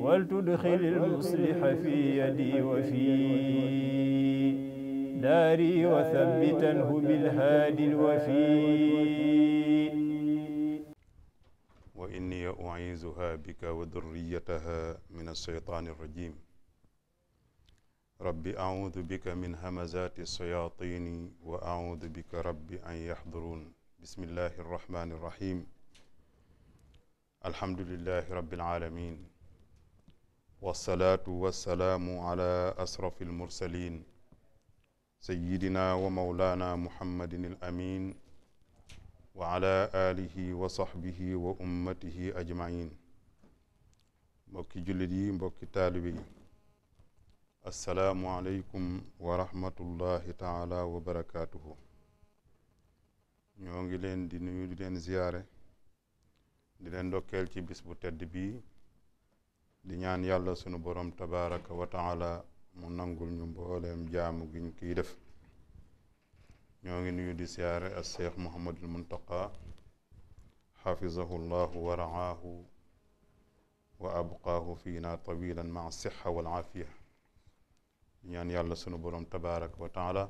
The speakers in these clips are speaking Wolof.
ولتدخل المصلح في يدي وفي داري وثبتنه بالهادي الوفي وإني أعيذها بك وذريتها من الشيطان الرجيم رب أعوذ بك من همزات الشياطين وأعوذ بك رب أن يحضرون بسم الله الرحمن الرحيم الحمد لله رب العالمين wasalaatu wasalaamu ala asrafi almursalin sayidina wa maulana muhammadin al wa ala wa saxbihi wa ummatihi ajmain mbokki jullit yi mbokki taalibe yi assalaamu aleykum wa taala wa barakaatuhu ñoo ngi leen di nuyu di ziyaare di leen dokkeel ci bis bu tedd bii di ñaan yàlla sunu borom tabaraka wa taala mu nangul ñu mboolem jaamu giñ kiy def ñoo ngi nuyu di siyaare as seex muhammadul muntaqa xafizahu llahu wa raahu wa abqaahu fiina tawilan maa sixa wal aafiya ñaan yàlla sunu boroom tabaraka wa taala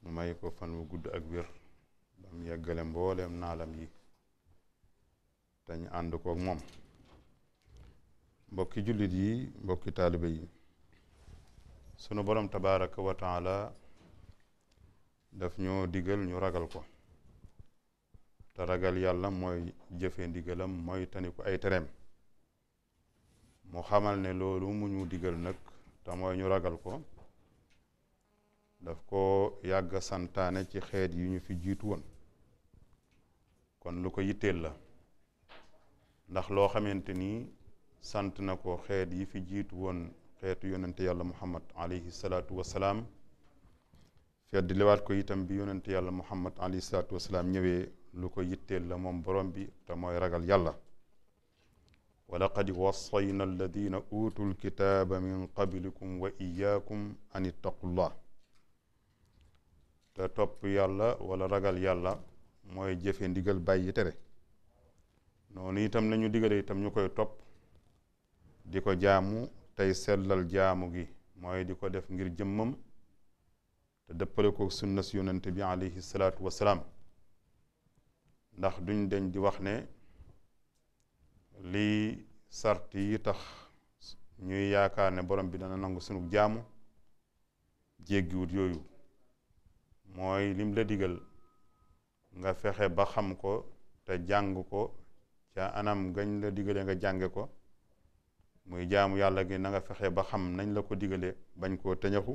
mu may ko fan wu gudd ak wér bam yeggale mbooleem naalam yi te ñu ànd koog mbokki jullit yi mbokki taalibe yi sunu borom tabaraka wa la daf ñoo digal ñu ragal ko te ragal yàlla mooy jëfe ndigalam mooy tani ko ay tereem mu xamal ne loolu mu ñu digal nag te mooy ñu ragal ko daf ko yàgg santaane ci xeet yi ñu fi jiitu woon kon lu ko yitteel la ndax loo xamante nii sant na ko xeet yi fi jiitu woon xeetu yonente yàlla muhammad alayhi salaatu wasalaam fedd liwaat ko itam bi yonente yàlla muhammad alayhi salaatu wasalaam ñëwee lu ko yitteel la moom borom bi te mooy ragal yàlla wa laqad wassayna alladina utu lkitaaba min qablikum wa iyakum an ittaqullah te topp yàlla wala ragal yàlla mooy jëfe ndigal bàyyi tere noonu itam lañu digale itam ñu koy topp di ko jaamu tey sellal jaamu gi mooy di ko def ngir jëmmam te dëppale ko sunna si yonente bi alayhi salaatu wasalaam ndax duñ deñ di wax ne lii sart yi tax ñuy yaakaar ne borom bi dana nangu sunu jaamu jéggiwut yooyu mooy lim la digal nga fexe ba xam ko te jàng ko ca anam gañ la digale nga jànge ko muy jaamu yàlla gi na nga fexe ba xam nañ la ko digalee bañ koo tëñaxu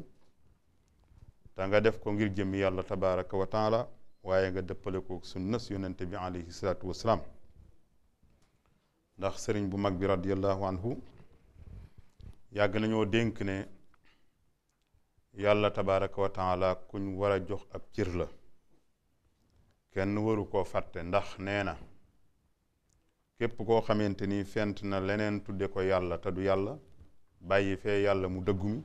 te nga def ko ngir jëmmi yàlla tabaraka wa taala waaye nga dëppale ko sunna su yonente bi alayhi salaatu wasalaam ndax sëriñ bu mag bi radiallahu anhu yàgg nañoo dénk ne yàlla tabaraka wa taala kuñ war a jox ab cir la kenn waru koo fàtte ndax nee na képp koo xamante ni fent na leneen tudde ko yàlla te du yàlla bàyyi fee yàlla mu dëggu mi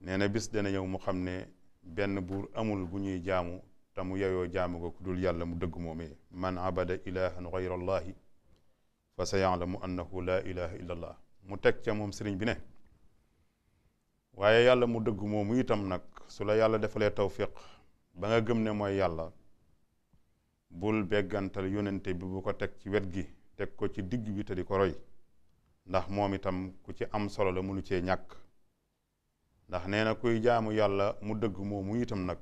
nee na bis dana ñëw mu xam ne benn buur amul bu ñuy jaamu te mu yeyoo jaamu ko ku dul yàlla mu dëgg moomee man abada ilahan gayra allahi fa sa yaalamu mu teg ca moom sëriñ bi ne waaye yàlla mu dëgg moomu itam nag su la yàlla defalee tawfiq ba nga gëm ne mooy yàlla bul beggantal yonente bi bu ko teg ci wet gi teg ko ci digg bi te di ko roy ndax moom itam ku ci am solo la munu cee ñàkk ndax nee na kuy jaamu yàlla mu dëgg moomu itam nag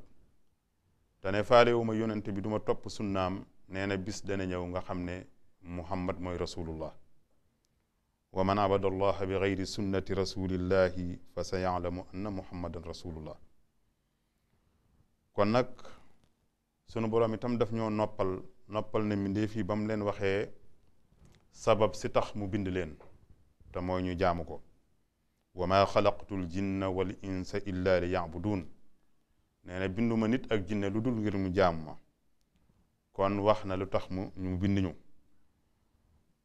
te ne faalewuma yonente bi duma topp sunnaam nee na bis dana ñëw nga xam ne muhammad mooy rasulullah wa man abada allaha bi geyri sunnati rasulillahi fa sa yaalamu anna muhammadan rasulullah kon nag sunu boroom itam daf ñoo noppal noppal na mbindeef fii ba mu leen waxee sabab si tax mu bind leen te mooy ñu jaamu ko wa maa xalaqtul jinna wal insa illa li yaabuduun nee na binduma nit ak jinne lu dul ngir mu jaamu kon wax na lu tax mu ñu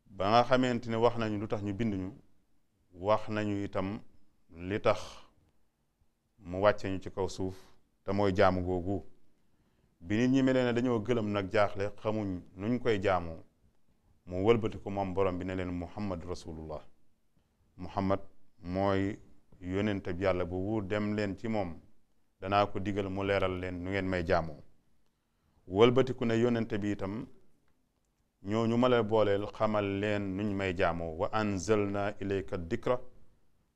ba nga xamante ne wax nañu lu tax ñu binduñu wax nañu itam li tax mu wàcce ñu ci kaw suuf te mooy jaamu googu bi nit ñi melee ne dañoo gëlëm nag jaaxle xamuñ nuñ koy jaamoo mu wëlbati moom borom bi ne leen muhammad rasulullah muhammad mooy yónnente yàlla bu dem leen ci moom danaa ko digal mu leeral leen nu ngeen may jaamoo walbatiku na yónnente bi itam ñooñu ma la booleel xamal leen nuñ may jaamoo wa anzalna ilayka dikra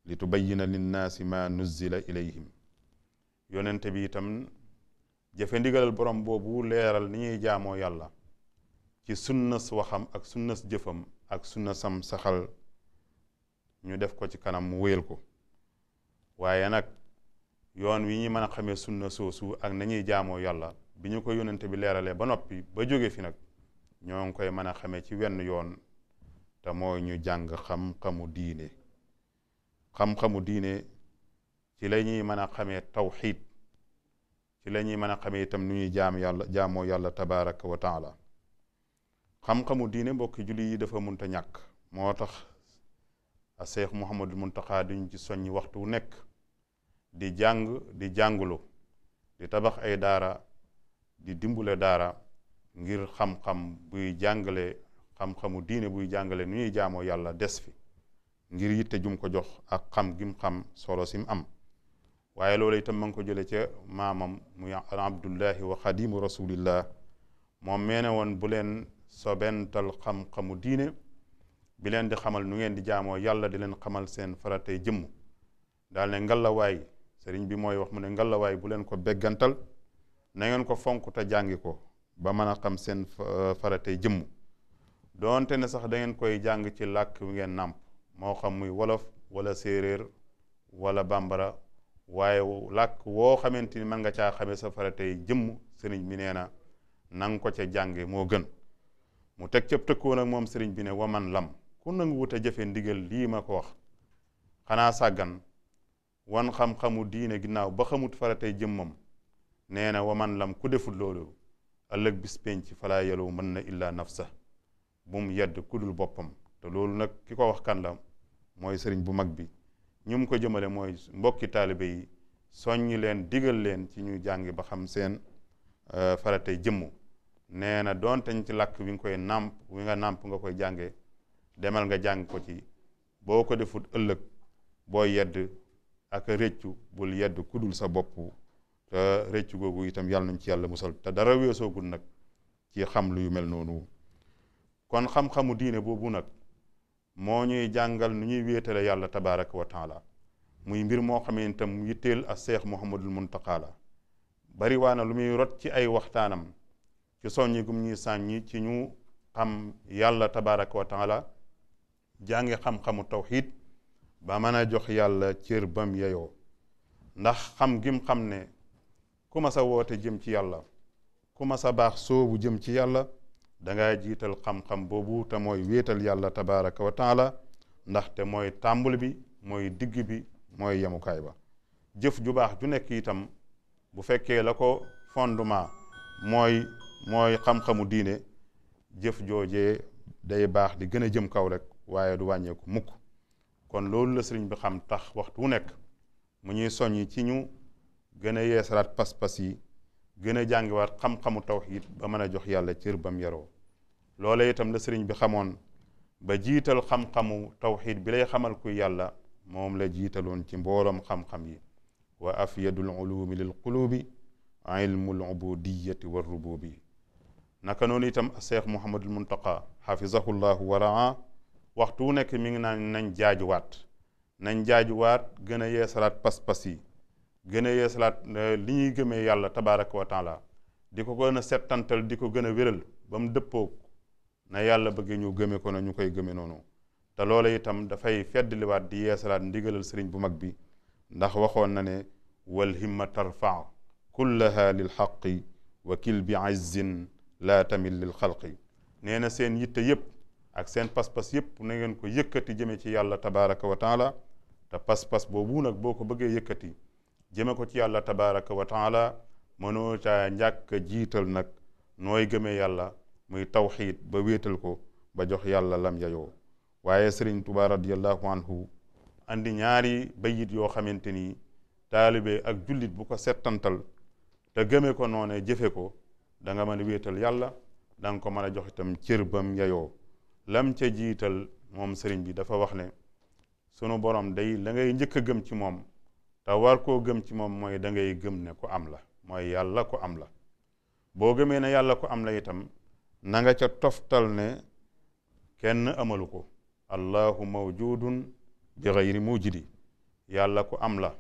li tubayyina linnaasi ma nuzzila ilayhim yónnente bi jëfe ndigalal borom boobu leeral ni ñuy jaamoo yàlla ci sunnas waxam ak sunnas jëfam ak sunnasam saxal ñu def ko ci kanam mu wéyal ko waaye nag yoon wi ñuy mën a xamee sunna soosu ak ñuy jaamoo yàlla bi ñu ko yónnante bi leeralee ba noppi ba jóge fi nag ñoo ngi koy mën a xamee ci wenn yoon te mooy ñu jàng xam-xamu diine xam-xamu diine ci la ñuy mën a xamee tawxiid ci la ñuy mën a xamee itam nu ñuy jaam yàlla jaamoo yàlla tabaraka wa taala xam-xamu diine mbokki julli yi dafa munta ñàkk moo tax a seex muhammadul muntaxa duñ ci soññ waxtu wu nekk di jàng di jàngulu di tabax ay daara di dimbule daara ngir xam-xam buy jàngale xam-xamu diine buy jàngale nu ñuy jaamoo yàlla des fi ngir yitte jum ko jox ak xam gim xam solo sim am waaye loolu itam ma ngi ko jëlee ca maamam muy abdullahi wa xadimu rasulillah moom meene woon bu leen sobental xam-xamu diine bi leen di xamal nu ngeen di jaamoo yàlla di leen xamal seen faratey jëmm daal ne ngalawaay sëriñ bi mooy wax mu ne ngalawaay bu leen ko beggantal na ngeen ko fonk te jàngi ko ba mën a xam seen farate jëmm doonte ne sax dangeen koy jàng ci làkk wi ngeen nàmp moo xam muy wolof wala séeréer wala bambara waaye làkk woo xamante ni mën nga caa xamee sa faratay jëmm sëriñ bi nee na na ko ce jànge moo gën mu teg cëb tëkkoon ak moom sëriñ bi ne waman lam ku nangu wut a jëfe ndigal lii ma ko wax xanaa sàggan wan xam-xamu diine ginnaaw ba xamut faratay jëmmam nee na waman lam ku deful loolu ëllëg bis penc falaa yeloo mën na illaa nafsa bu mu yedd ku dul boppam te loolu nag ki ko wax kan la mooy sëriñ bu mag bi ñu mu ko jëmale mooy mbokki taalibe yi soññ leen digal leen ci ñu jàngi ba xam seen euh, faratey jëmm nee na doonte ñu ci làkk wi nga koy nàmp wi nga nàmp nga koy jànge demal nga jàng ko ci boo ko defut ëllëg boo yedd ak réccu bul yedd kudul sa bopp te réccu googu itam yàlla nañ ci yàlla musal te dara weesoogul nag ci xam lu yu mel noonu kon xam-xamu diine boobu nag moo ñuy jàngal nu ñuy wéetale yàlla tabaraka wa taala muy mbir moo xamee ni tam yitteel a seex Muhammadul Muntaqa la bari waa na lu muy rot ci ay waxtaanam ci soññi gum ñuy sàññi ci ñu xam yàlla tabaraka wa taala jàngi xam-xamu tawxid ba mën a jox yàlla cër bam yeyoo ndax xam gim xam ne ku ma woote jëm ci yàlla ku ma baax soobu jëm ci yàlla da ngaa jiital xam-xam boobu te mooy wéetal yàlla tabaraka wa taala ndaxte mooy tàmbul bi mooy digg bi mooy yemukaay ba jëf ju baax ju nekk itam bu fekkee la ko fondement mooy mooy xam-xamu diine jëf joojee day baax di gën a jëm kaw rek waaye du wàññeeku mukk kon loolu la sëriñ bi xam tax waxtu wu nekk mu ñuy soññi ci ñu gën a yeesalaat pas-pas yi gën a jàngiwaat xam-xamu tawxiid ba mën a jox yàlla cër bam yaroo loola itam la sëriñ bi xamoon ba jiital xam-xamu tawxiid bi lay xamal ku yàlla moom la jiitaloon ci mbooloom xam-xam yi wa afyadul ulumi lil qulubi ilmul ubudiyati wa rububi naka noonu itam cheikh muhammadul muntaqa xafizahullahu wa raa waxtu wu nekk mi ngi naan nañ jaajuwaat nañ jaajuwaat gën a yeesalaat pas-pas yi gën a yeesalaat eh, li ñuy gëmee yàlla tabaraka wa taala di ko gën a settantal di ko gën a wéral ba mu dëppoog na yàlla bëgg ñu gëme ko na ñu koy gëme noonu te loola itam dafay feddliwaat di yeesalaat ndigalal sëriñ bu mag bi ndax waxoon na ne wal himma tarfa kullaha lil xaqi wa kil bi izzin la tamit lil xalqi nee na seen yitte yëpp ak seen pas-pas yëpp na ngeen ko yëkkati jëme ci yàlla tabaraka wa taala te pas-pas boobu nag boo ko bëggee yëkkati jëme ko ci yàlla tabaraka wa taala mënoo caa njàkk jiital nag nooy gëme yàlla muy tawxiid ba wéetal ko ba jox yàlla lam yayoo waaye sëriñ Tuubaa radiallahu anhu andi ñaari bayit yoo xamante ni taalibe ak jullit bu ko settantal te gëme ko noone jëfe ko da nga mën wéetal yàlla da nga ko mën a jox itam cër bam yayoo lam ca jiital moom sëriñ bi dafa wax ne sunu borom day la ngay njëkk gëm ci moom te war koo gëm ci moom mooy da ngay gëm ne ku am la mooy yàlla ku am la boo gëmee ne yàlla ku am la itam na nga ca toftal ne kenn amalu ko allahu mawjudun bi xayri mujidi yàlla ku am la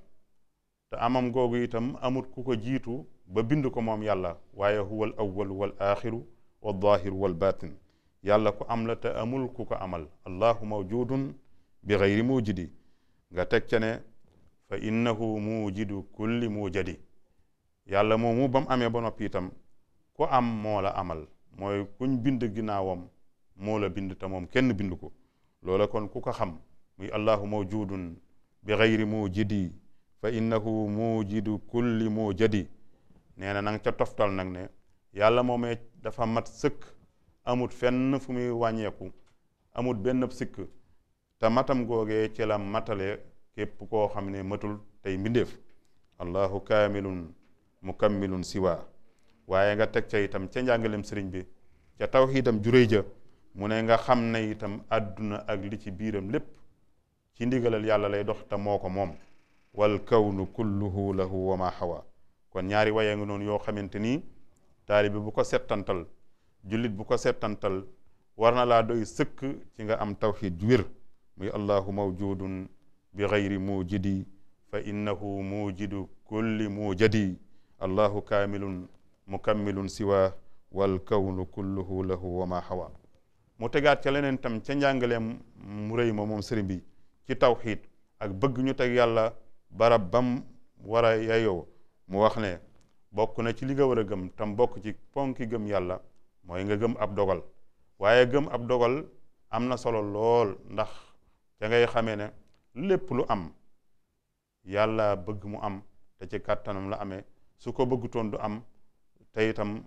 te amam googu itam amut ku ko jiitu ba bind ko moom yàlla waaye huwa al awwalu wal axiru wal zaahiru wal baatin yàlla ku am la te amul ku ko amal allahu mawjudun bi xayri mujidi nga teg ca ne fa innahu muujidu kulli muujadi yàlla moomu ba mu amee ba noppi itam ku am moola amal mooy kuñ bind ginnaawam moo la bind te moom kenn bind ko loola kon ku ko xam muy allahu mawjudun bi xayri muujidi fa innahu muujidu kulli muujadi nee na nang ca toftal nag ne yàlla moomee dafa mat sëkk amut fenn fu muy wàññeeku amut benn sikk te matam googee ci la matale képp koo xam ne matul tey mbindeef allahu kaamilun mukammilun siwa waaye nga teg ca itam ca njàngalem sëriñ bi ca taw tawxiidam juréy ja mu ne nga xam ne itam àdduna ak li ci biiram lépp ci ndigalal yàlla lay dox te moo ko moom wal kawnu kulluhu lahu wa ma hawa kon ñaari waye nga noon yoo xamante ni taalibe bu ko settantal jullit bu ko settantal war na laa doy sëkk ci nga am tawxiid ju wér muy allahu mawjudun bi gayri mujidi fa innahu mujidu kulli mujadi allahu kaamilun mukammilun siwa wal kawnu kulluhu wa ma hawa mu tegaat ca leneen tam ca njàngaleem mu rëy ma moom sëriñ bi ci tawxiid ak bëgg ñu teg yàlla barab bam war a yayoo mu wax ne bokk na ci li nga war a gëm tam bokk ci ponki gëm yàlla mooy nga gëm ab dogal waaye gëm ab dogal am na solo lool ndax ca ngay xamee ne lépp lu am yàlla bëgg mu am te ci kàttanam la amee su ko bëggutoon du am te itam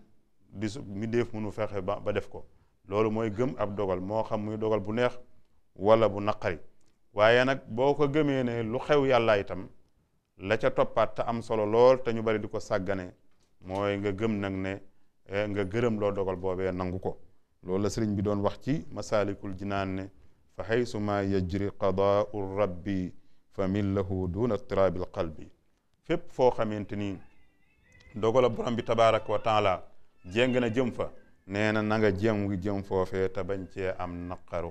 di su mi def mënu fexe ba ba def ko loolu mooy gëm ab dogal moo xam muy dogal bu neex wala bu naqari waaye nag boo ko gëmee ne lu xew yàlla itam la ca toppaat te am solo lool te ñu bari di ko sàggane mooy nga gëm nag ne eh, nga gërëm loo dogal boobee nangu ko loolu la sëriñ bi doon wax ci masaalikul jinaan ne fa xaysu ma yajri qadaau rabbi fa min duna tirabil qalbi fépp foo xamante ni dogal borom bi tabaraka wa taala jéng na nanga fa nee na na bañ cee am naqaru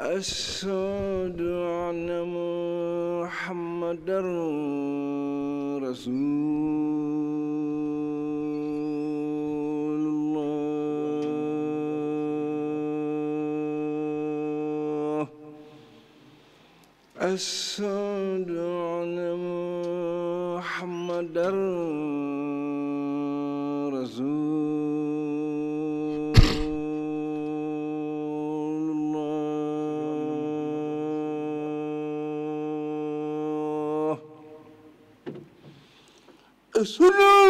أشهد أن محمدا رسول الله أشهد sunu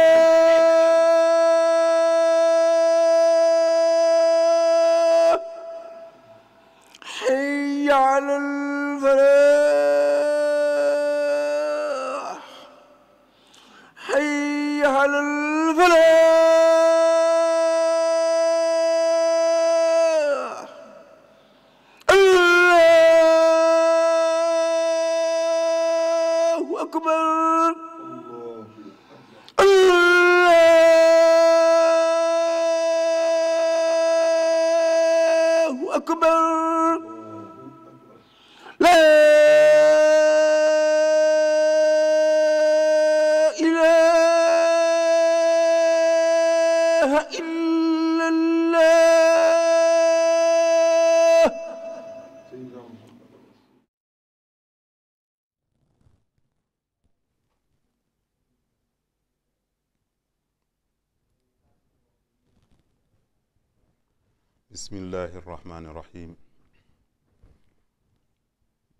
arrahmaani irrahim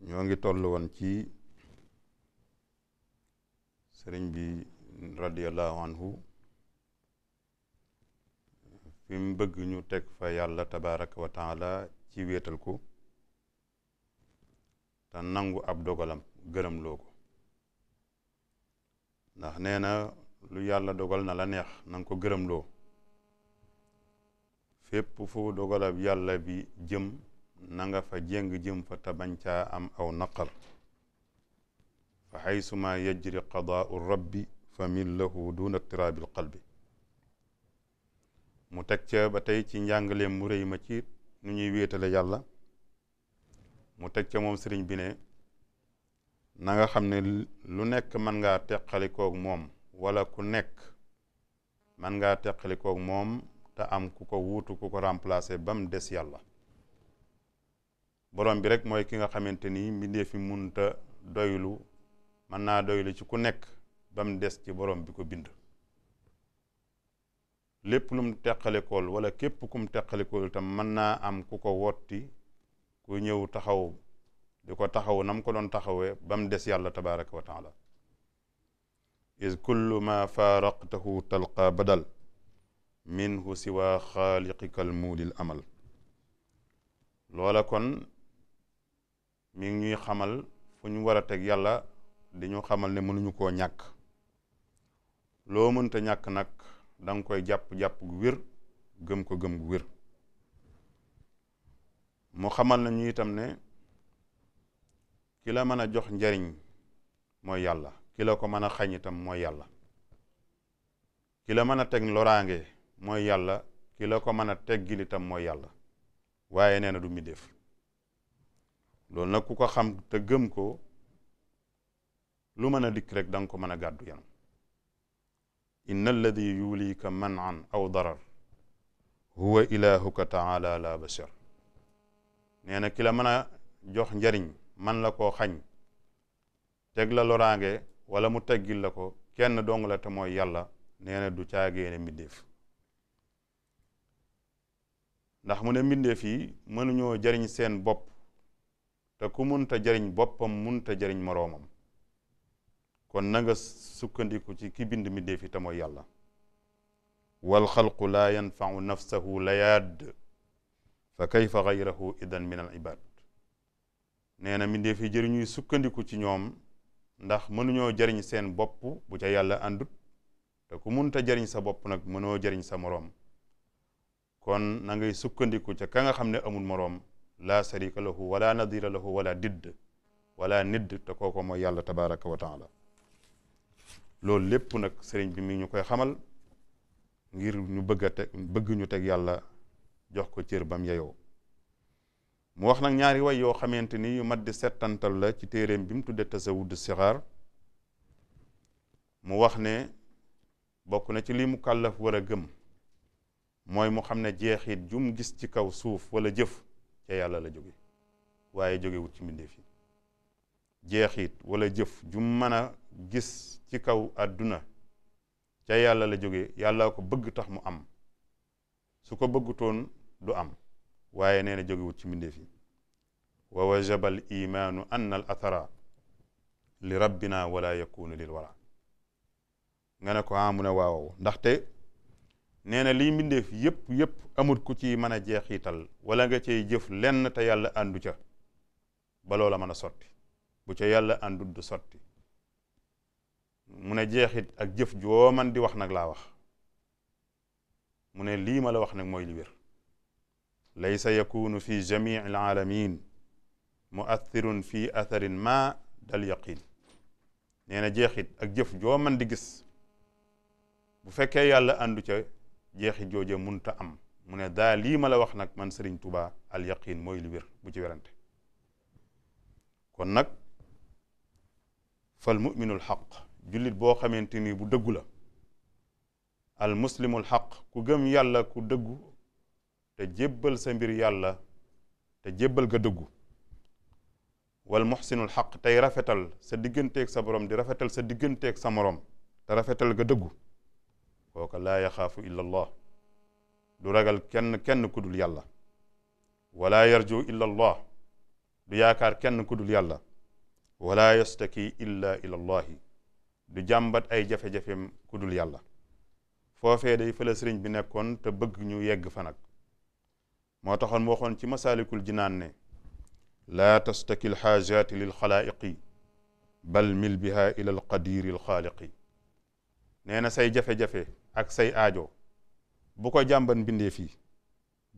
ñoo ngi toll woon ci sëriñ bi radiallahu anhu fi mu bëgg ñu teg fa yàlla tabaraka wa taala ci wéetal ko te nangu ab dogalam gërëm loo ko ndax nee na lu yàlla dogal na la neex nanga ko gërëm loo fépp fu dogalab yàlla bi jëm nanga fa jéng jëm fa tabañ caa am aw naqar fa xaysuma yajri qadaau rabbi fa min lahu duna tiraabil qalbi mu teg ca ba tey ci njàngaleem mu rëy ma ci nu ñuy wéetale yàlla mu teg ca moom sëriñ bine nanga na xam ne lu nekk mën ngaa teqalikoog moom wala ku nekk mën ngaa teqalikoog moom am ku ko wuutu ku ko remplacer bam des yàlla borom bi rek mooy ki nga xamante ni mbindeef fi munta doylu mën naa doylu ci ku nekk ba des ci borom bi ko bind lépp lu mu teqalikool wala képp ku mu teqalikool itam mën naa am ku ko wotti ku ñëw taxaw di ko taxaw nam ko doon taxawee ba mu des yàlla tabaraka wa taala is kullu ma faraqtahu talqa badal miin minhu siwa xaaliqika almuudil amal loola kon mi ngi ñuy xamal fu ñu war a teg yàlla di ñu xamal ne mënuñu koo ñàkk loo mënta ñàkk nag da nga koy jàpp-jàpp gu wér gëm ko gëm gu wér mu xamal ñu itam ne ki la mën a jox njariñ mooy yàlla ki la ko mën a xañ itam mooy yàlla ki la mën a teg loraange mooy yàlla ki la ko mën a teggil itam mooy yàlla waaye nee na du mbindéef loolu nag ku ko xam te gëm ko lu mën a dikk rek da ko mën a gàddu yanam inna alladi yuliika manan aw darar huwa ilahuka taala la basar nee na kila la mën a jox njariñ man la koo xañ teg la loraange wala mu teggil la ko kenn dong la te mooy yàlla neena na du caagee ne mbindéef ndax mu ne mbindeef yi mënuñoo jariñ seen bopp te ku munta jariñ boppam munta jariñ moroomam kon na sukkandiku ci ki bind mbindeef yi te mooy yàlla wal xalqu laa yanfau nafsahu layaad fa kayfa gayrahu idan min al ibaad nee na mbindeef yi jëriñuy sukkandiku ci ñoom ndax mënuñoo jariñ seen bopp bu ca yàlla àndut te ku munta jariñ sa bopp nag mënoo jariñ sa moroom kon na ngay sukkandiku ca ka nga xam ne amul moroom laa sharika lahu wala nadira lahu wala didd wala nit te kooko mooy yàlla tabaraka wa taala loolu lépp nag sëriñ bi mi ñu koy xamal ngir ñu bëgg a teg bëgg ñu teg yàlla jox ko cër bam yeyoo mu wax nag ñaari way yoo xamante ni yu mat di settantal la ci téereem bi mu tudde tasawud sixaar mu wax ne bokk na ci li mu kàllaf war a gëm mooy mu xam ne jeexit jum gis ci kaw suuf wala jëf ca yàlla la jóge waaye jógewut ci mbindeef yi jeexit wala jëf jum mën a gis ci kaw àdduna ca yàlla la jóge yàlla ko bëgg tax mu am su ko bëggutoon du am waaye nee na jógewut ci mbindeef fi wa wajaba al imaanu anna al athara li rabbina wala yakunu lil wara nga ne ko ah mu ndaxte nee na liy mbindeef yëpp yëpp amut ku ci mën a jeexital wala nga ce jëf lenn te yàlla àndu ca ba loola mën a sotti bu ca yàlla àndut du sotti mu ne jeexit ak jëf joo man di wax nag laa wax mu ne lii ma la wax nag mooy li wér laysa yakunu fi jamii alaalamin muathirun fi atharin ma dal yaqin nee na jeexit ak jëf joo man di gis bu fekkee yàlla àndu ca jeexi jooje munta am mu ne daa lii ma la wax nag man sëriñ Tuubaa al yaqin mooy li wér bu ci werante kon nag fal muminul xaq jullit boo xamante ni bu dëggu la al muslimul ku gëm yàlla ku dëggu te jébbal sa mbir yàlla te jébbal ga dëggu wal muxsinul xaq tey rafetal sa digganteeg sa borom di rafetal sa digganteeg sa morom te rafetal ga dëggu kooka laa yaxaafu illa allah du ragal kenn kenn kudul yàlla wala yarju illa allah du yaakaar kenn kudul yàlla wala yastaki illa ila allahi du jàmbat ay jafe-jafem kudul yàlla foofee day fële sëriñ bi nekkoon te bëgg ñu yegg fa nag moo taxoon mu waxoon ci masaalikul jinaan ne laa tastaki lxaajaati lil xalaa'iqi bal mil biha ila alqadiri alxaaliqi nee na say jafe-jafe ak say aajo bu ko jàmbat mbindeef fii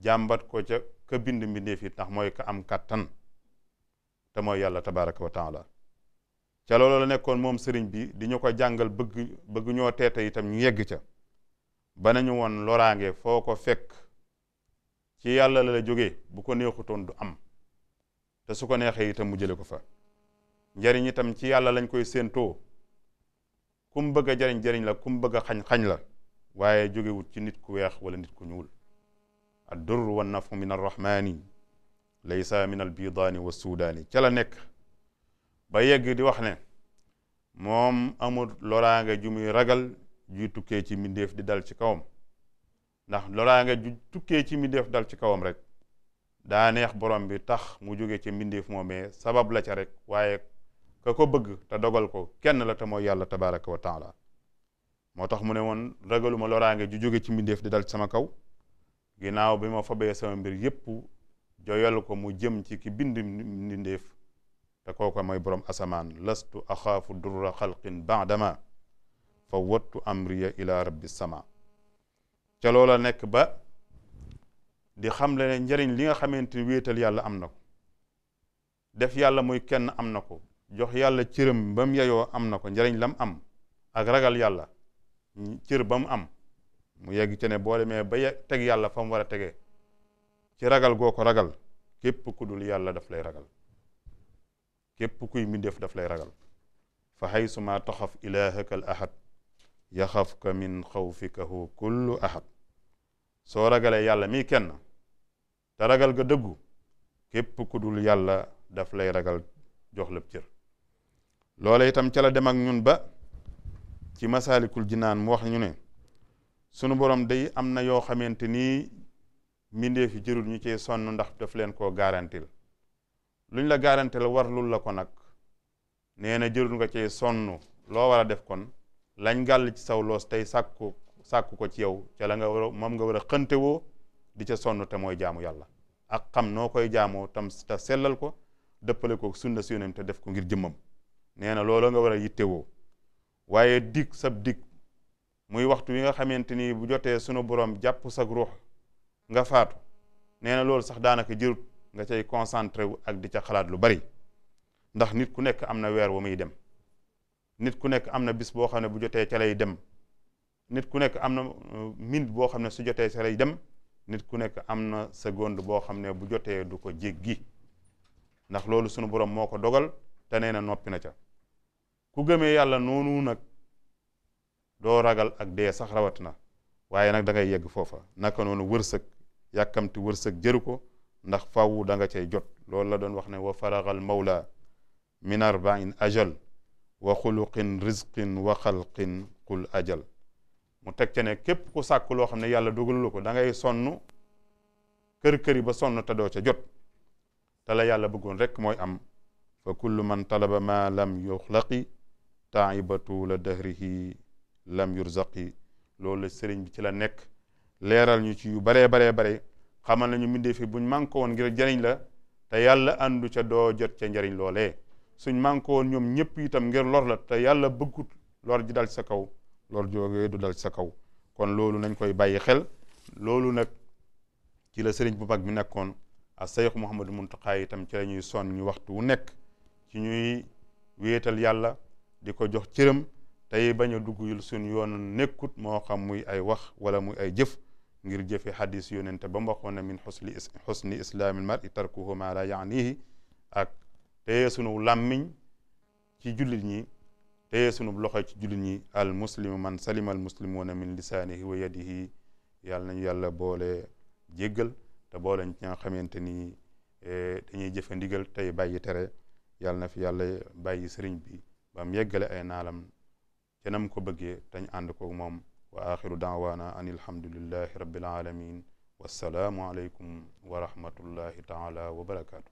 jàmbat ko ca ka bind mbindeef yi ndax mooy ka am kàttan te mooy yàlla tabaraka wa taala ca loolu la nekkoon moom sëriñ bi di ñu ko jàngal bëgg bëgg ñoo teete itam ñu yegg ca ba ñu woon loraange foo ko fekk ci yàlla la la jógee bu ko neexutoon du am te su ko neexee itam mu jële ko fa njariñ yitam ci yàlla lañ koy séentoo kum bëgg a jariñ jariñ la kum bëgg a xañ xañ la waaye jógewut ci nit ku weex wala nit ku ñuul ad durru wa nafu min arrahmani laysa min albidaani wa suudaani ca la nekk ba yegg di wax ne moom amul loraange ju muy ragal juy tukkee ci mbindeef di dal ci kawam ndax loraange ju tukkee ci mbindeef dal ci kawam rek daa neex borom bi tax mu jóge ca mbindeef moomee sabab la ca rek waaye ka ko bëgg te dogal ko kenn la te mooy yàlla tabaraka wa taala moo tax mu ne woon ragaluma loraange ju jóge ci mbindeef di dal sama kaw ginnaaw bi ma fabee sama mbir yépp joyal ko mu jëm ci ki bind mbindeef te kooku mooy boroom asamaan lastu axaafu durra xalqin baadama fa wattu amriya ila rabbi sama ca loola nekk ba di xam le ne njariñ li nga xamante ni wéetal yàlla am na ko def yàlla muy kenn am na ko jox yàlla cëram ba mu am na ko njariñ lam am ak ragal yàlla cër ba mu am mu yegg ci ne boo demee ba teg yàlla fa mu war a tegee ci ragal goo ko ragal képp ku dul yàlla daf lay ragal képp kuy def daf lay ragal fa xaysuma taxaf ilaahaka al ahad yaxafka min xawfikahu kullu ahad soo ragalee yàlla mii kenn te ragal ga dëggu képp ku yàlla daf lay ragal jox lab loola itam ca la ñun ba ci masaalikul naan mu wax ñu ne sunu borom day am na yoo xamante ni mbindee fi jërul ñu cee sonn ndax def leen koo garantil luñ la garantil war lul la ko nag nee na jërul nga cee sonn loo war a def kon lañ gàll ci saw loos tey sàkku sàkku ko ci yow ca la nga war moom nga war a xëntewoo di ca sonn te mooy jaamu yàlla ak xam noo koy jaamoo tam te sellal ko dëppale ko sunna su yonent te def ko ngir jëmmam nee na loolu nga war a yittewoo waaye dikk sab dikk muy waxtu wi nga xamante ni bu jotee sunu borom jàpp sag ruux nga faatu nee na loolu sax daanaka jërut nga cay concentré wu ak di ca xalaat lu bari ndax nit ku nekk am na weer wu muy dem nit ku nekk am na bis boo xam ne bu jotee ca lay dem nit ku nekk am na uh, minute boo xam ne su jotee ca lay dem nit ku nekk am na seconde boo xam ne bu jotee du ko jéggi ndax loolu sunu borom moo ko dogal te nee na noppi na ca ku gëmee yàlla noonu nag doo ragal ak dee sax rawat na waaye nag da ngay yegg foofa naka noonu wërsëg yàkkamti wërsëg jëru ko ndax faww danga nga jot loolu la doon wax ne wa faragal mawla min arbain ajal wa xuluqin rizqin wa xalqin qul ajal mu teg ca ne képp ku sàkk loo xam ne yàlla dogalu ko da ngay sonn kër-këri ba sonn te doo ca jot te la yàlla bëggoon rek mooy am fa kullu man talaba ma lam yuxlaqi taibatu la dahrihi lam yurzaqi loolu la sëriñ bi ci la nekk leeral ñu ci yu baree baree bare xamal nañu mbindee fi buñ manqué woon ngir jëriñ la te yàlla àndu ca doo jot ca njariñ loole suñ manqué woon ñoom ñëpp itam ngir lor la te yàlla bëggut lor ji dal sa kaw lor joogee du dal sa kaw kon loolu nañ koy bàyyi xel loolu nag ci la sëriñ bu mag bi nekkoon a Seex Muhammadu Muntaxa itam ci la ñuy son ñu waxtu wu nekk ci ñuy wéetal yàlla di ko jox cëram tey bañ a yul suñ yoonu nekkut moo xam muy ay wax wala muy ay jëf ngir jëfe xadis yonente ba mu waxoon ne min xusli xusni islaamil mar i tarkuhu ma la ak teye sunu làmmiñ ci jullit ñi teye sunu loxo ci jullit ñi al muslimu man salima al muslimuuna min lisaanihi wa yadihi yàlla nañu yàlla boole jéggal te boole ci nga xamante ni eh, dañuy jëfe ndigal tey bàyyi tere yàlla na fi yàlla bàyyi sëriñ bi ba mu yeggale ay naalam ci ko bëggee dañ ànd ko moom wa axiru daawaana an ilhamdulillahi rabbil alamin wassalaamu aleykum wa rahmatullahi taala wa barakaatu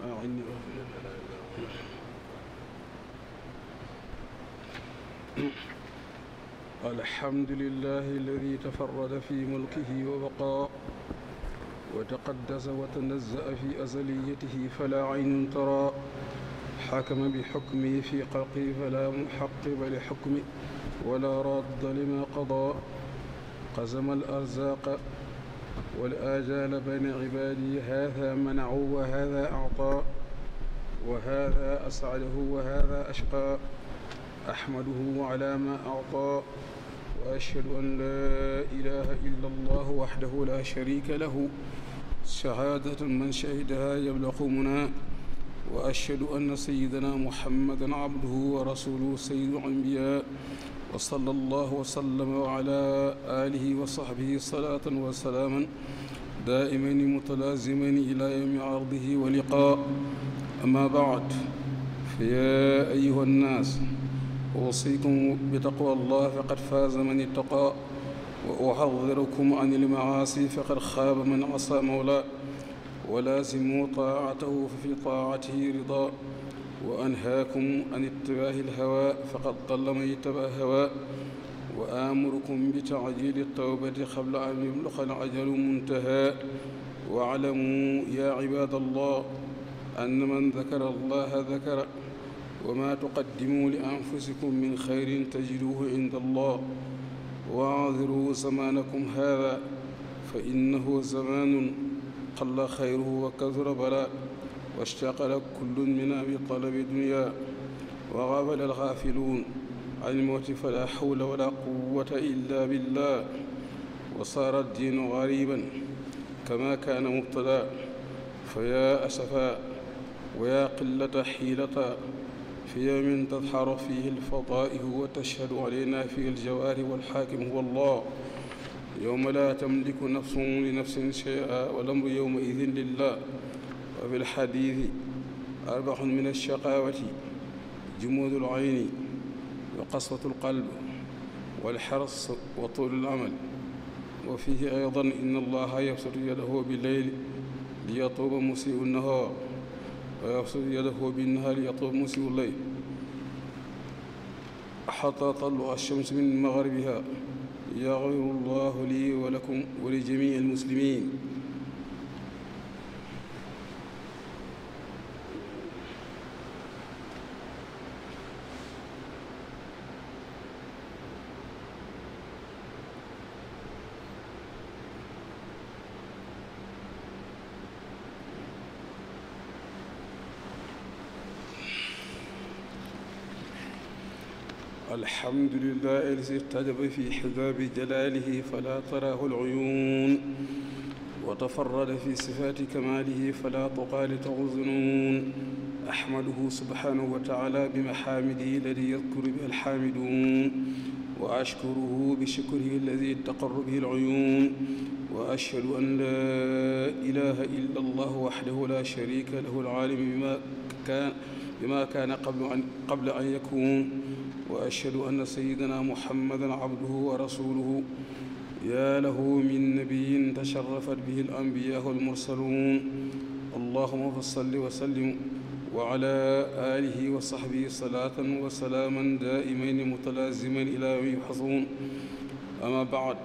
أعني ربي الحمد لله الذي تفرد في ملكه وبقى وتقدس وتنزأ في أزليته فلا عين ترى حكم بحكمه في خلقه فلا محقب لحكمه ولا راد لما قضى قزم الأرزاق والآجال بين عبادي هذا منع وهذا أعطى وهذا أسعده وهذا أشقى أحمده على ما أعطى وأشهد أن لا إله إلا الله وحده لا شريك له شهادة من شهدها يبلغ منا وأشهد أن سيدنا محمدا عبده ورسوله سيد الأنبياء وصلى الله وسلم وعلى آله وصحبه صلاة وسلاما دائمين متلازمين إلى يوم عرضه ولقاء أما بعد فيا أيها الناس أوصيكم بتقوى الله فقد فاز من اتقى وأحذركم عن المعاصي فقد خاب من عصى مولاه ولازموا طاعته ففي طاعته رضا wa anhaakum an ittibaahi alhawa faqad dalla man ittaba hawa wa aamurukum bi taajili tawbati qabla an yabluga alajalu muntaha wa alamuu yaa cibaad allah anna man dakara allaha dakara wa maa tuqaddimuu li anfusikum min xayrin tajiduuhu cinda allah wa anziruu zamaanakum haada fa innahu zamaanun qalla xayruhu wa kasura balaa واشتغل كل منا بطلب دنيا وغفل الغافلون عن الموت فلا حول ولا قوة إلا بالله وصار الدين غريبا كما كان مبتدا فيا أسفا ويا قلة حيلة في يوم تظهر فيه الفضائه وتشهد علينا فيه الجوار والحاكم هو الله يوم لا تملك نفس لنفس شيئا والأمر يومئذ لله wa fi lxadiisi arbaxun min alchaqaawati jumuudu alayni wa qaswatu alqalb walxars wa tuulu alamal wa fiihi aydan inna allaha yabsutu yadahu billeyli liyatuuba musiiu nahaar wa yabsutu yadahu binnahaar liyatuuba musiiu leyl xataa tatlua alchamsu min maghribiha yaghfiru allahu lii wa lakum wa li jamii almuslimin الحمد لله الذي احتجب في حجاب جلاله فلا تراه العيون وتفرد في صفات كماله فلا تقال تغزنون أحمده سبحانه وتعالى بمحامده الذي يذكر بها الحامدون وأشكره بشكره الذي تقر به العيون وأشهد أن لا إله إلا الله وحده لا شريك له العالم بما كان بما كان قبل أن قبل أن يكون واشهد ان سيدنا محمدا عبده ورسوله يا له من نبي تشرفت به الانبياء والمرسلون اللهم صل وسلم وعلى اله وصحبه صلاه وسلاما دائمين متلازمين الى يوم يبحثون اما بعد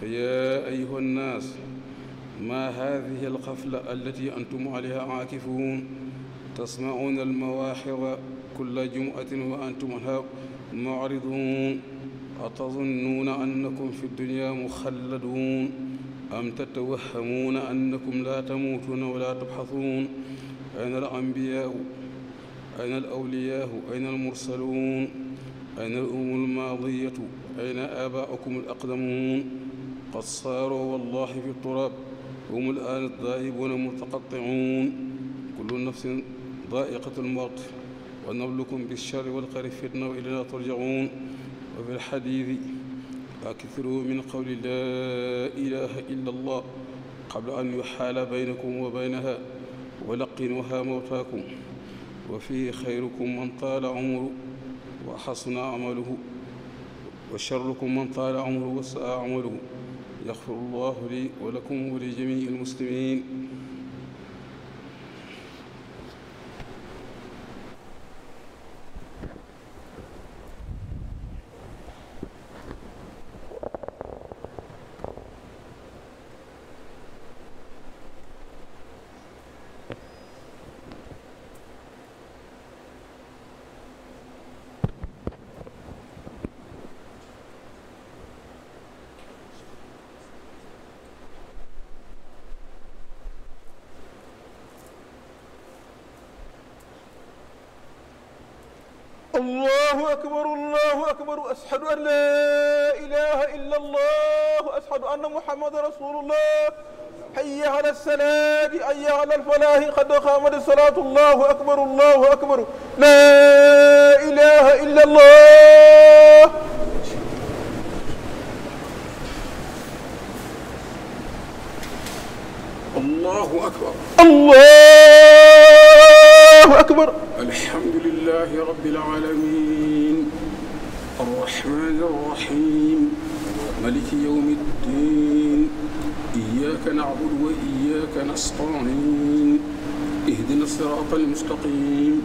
فيا ايها الناس ما هذه القفله التي انتم عليها عاكفون تسمعون المواحظ كل جمعة وأنتم عنها معرضون أتظنون أنكم في الدنيا مخلدون أم تتوهمون أنكم لا تموتون ولا تبحثون أين الأنبياء أين الأولياء أين المرسلون أين الأم الماضية أين آباؤكم الأقدمون قد صاروا والله في التراب هم الآن الذائبون المتقطعون كل نفس ضائقة الموت ونبلكم بالشر والخير فتنة وإلينا ترجعون وفي الحديث أكثروا من قول لا إله إلا الله قبل أن يحال بينكم وبينها ولقنوها موتاكم وفيه خيركم من طال عمره وحسن عمله وشركم من طال عمره وساء عمله يغفر الله لي ولكم ولجميع المسلمين akbar allahu akbar ashhadu an la ilaha illa allah ashhadu anna muhammadan rasulullah hayya ala salaati hayya ala alfalaahi qad qaamat salaatu allahu akbar allahu akbar la ilaha illa allah allahu akbar allahu akbar alhamdulillahi rabbil aalamiin الرحمن الرحيم ملك يوم الدين إياك نعبد وإياك نستعين اهدنا الصراط المستقيم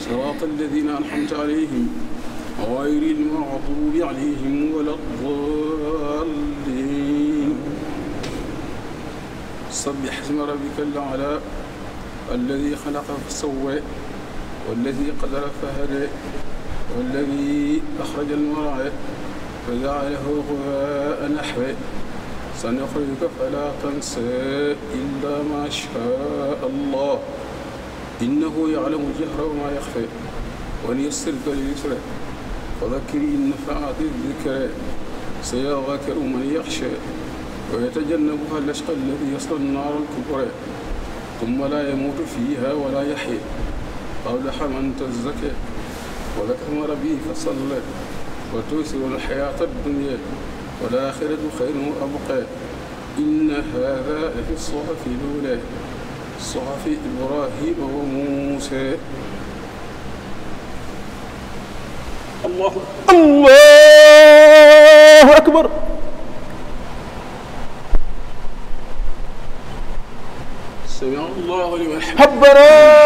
صراط الذين أنعمت عليهم غير المغضوب عليهم ولا الضالين سبح اسم ربك الأعلى الذي خلق فسوى والذي قدر فهدى والذي أخرج المرعى فجعله غثاء نحوه سنخرجك فلا تنسى إلا ما شاء الله إنه يعلم الجهر وما يخفي وليسرك لليسر وذكر إن نفعت الذكر سيغفر من يخشى ويتجنبها الأشقى الذي يصلى النار الكبرى ثم لا يموت فيها ولا يحيى قال من تزكي ولتأمر به فصلى وتؤثر الحياة الدنيا والآخرة خير وأبقى إن هذا لفي الصحف الأولى صحف إبراهيم وموسى الله الله أكبر سمع الله لمن حبنا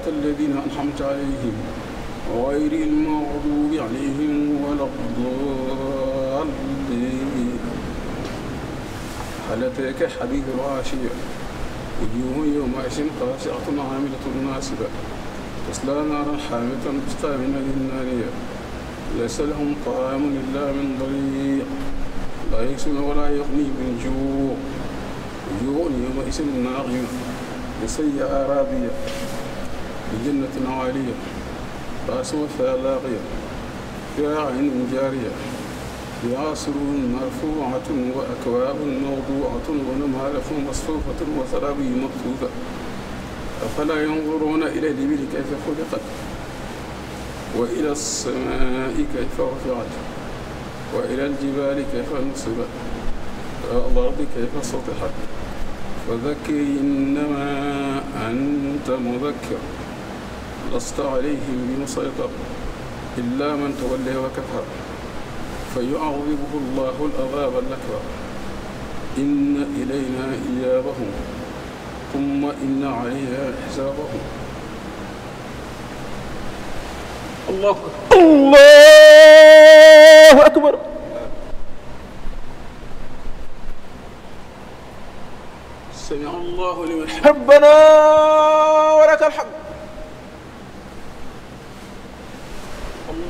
صراط الذين أنعمت عليهم غير المغضوب عليهم ولا الضالين هل أتاك حديث الغاشية وجوه يومئذ خاشعة عاملة ناصبة تصلى نارا حامية تسقى من النارية ليس لهم طعام إلا من ضريع لا يكسن ولا يغني من جوع وجوه يومئذ ناغية لسيئة راضية بجنة عالية رأسها لاغية فيها عين جارية فيها سرور مرفوعة وأكواب موضوعة ونمارق مصفوفة وزرابي مكتوبة أفلا ينظرون إلى الإبل كيف خلقت وإلى السماء كيف رفعت وإلى الجبال كيف نصبت والأرض كيف سطحت وذكر إنما أنت مذكر لست عليهم بمسيطر إلا من تولى وكفر فيعذبه الله العذاب الأكبر إن إلينا إيابهم ثم إن علينا حسابهم الله الله أكبر سمع الله لمن حبنا ولك الحمد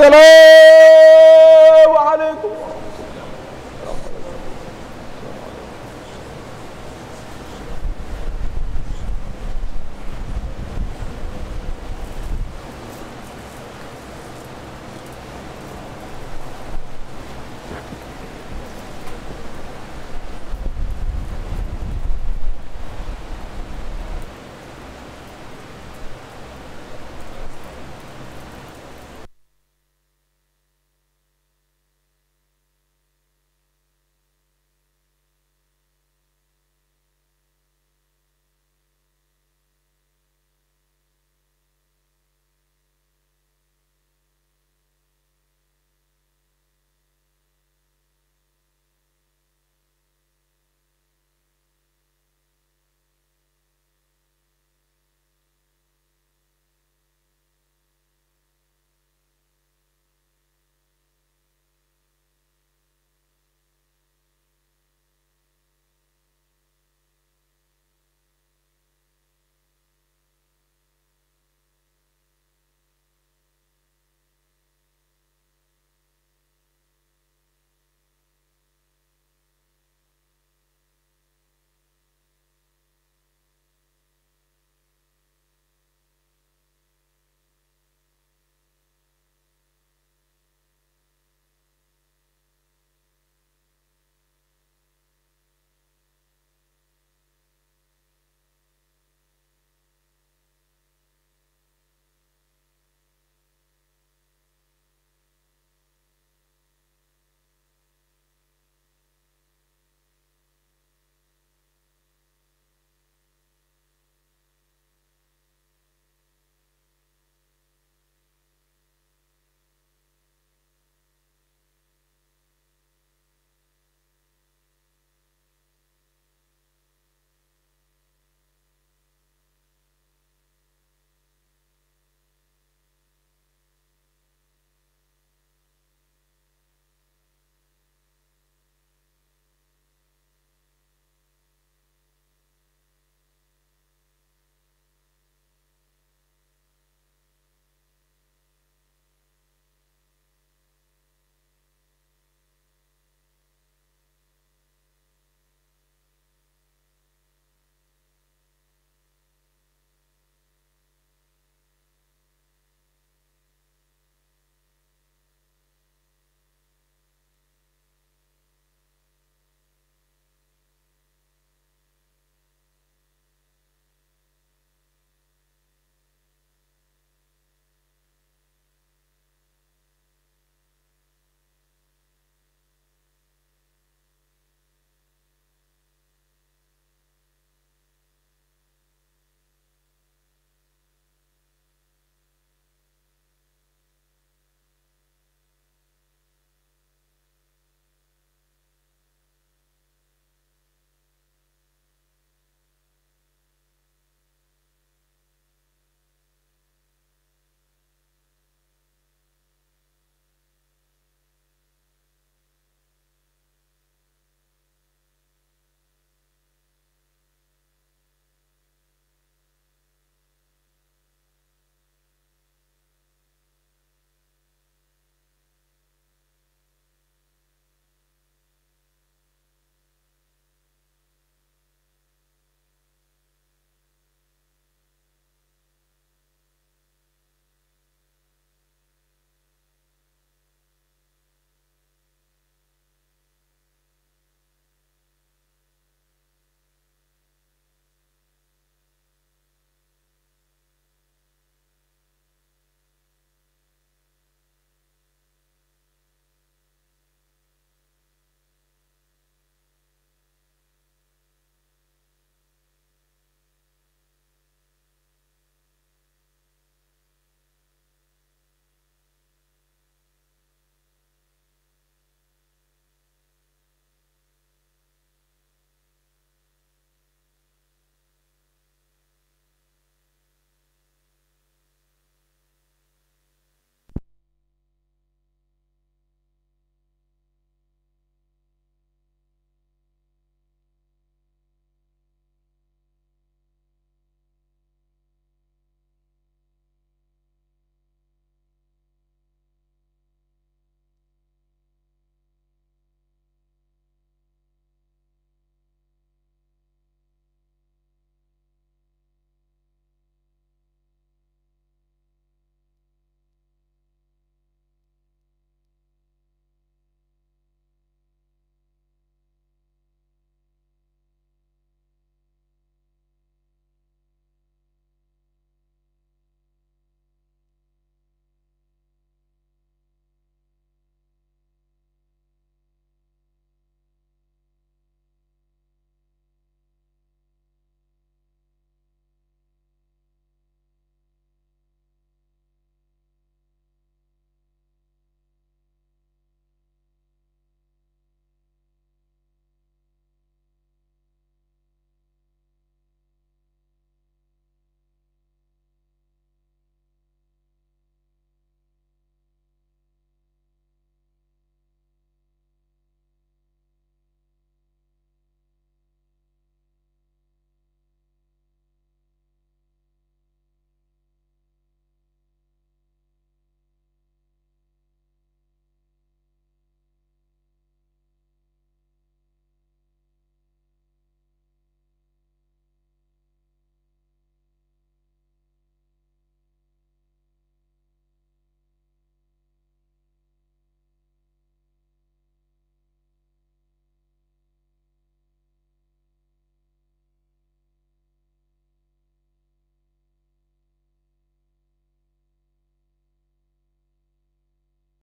السلام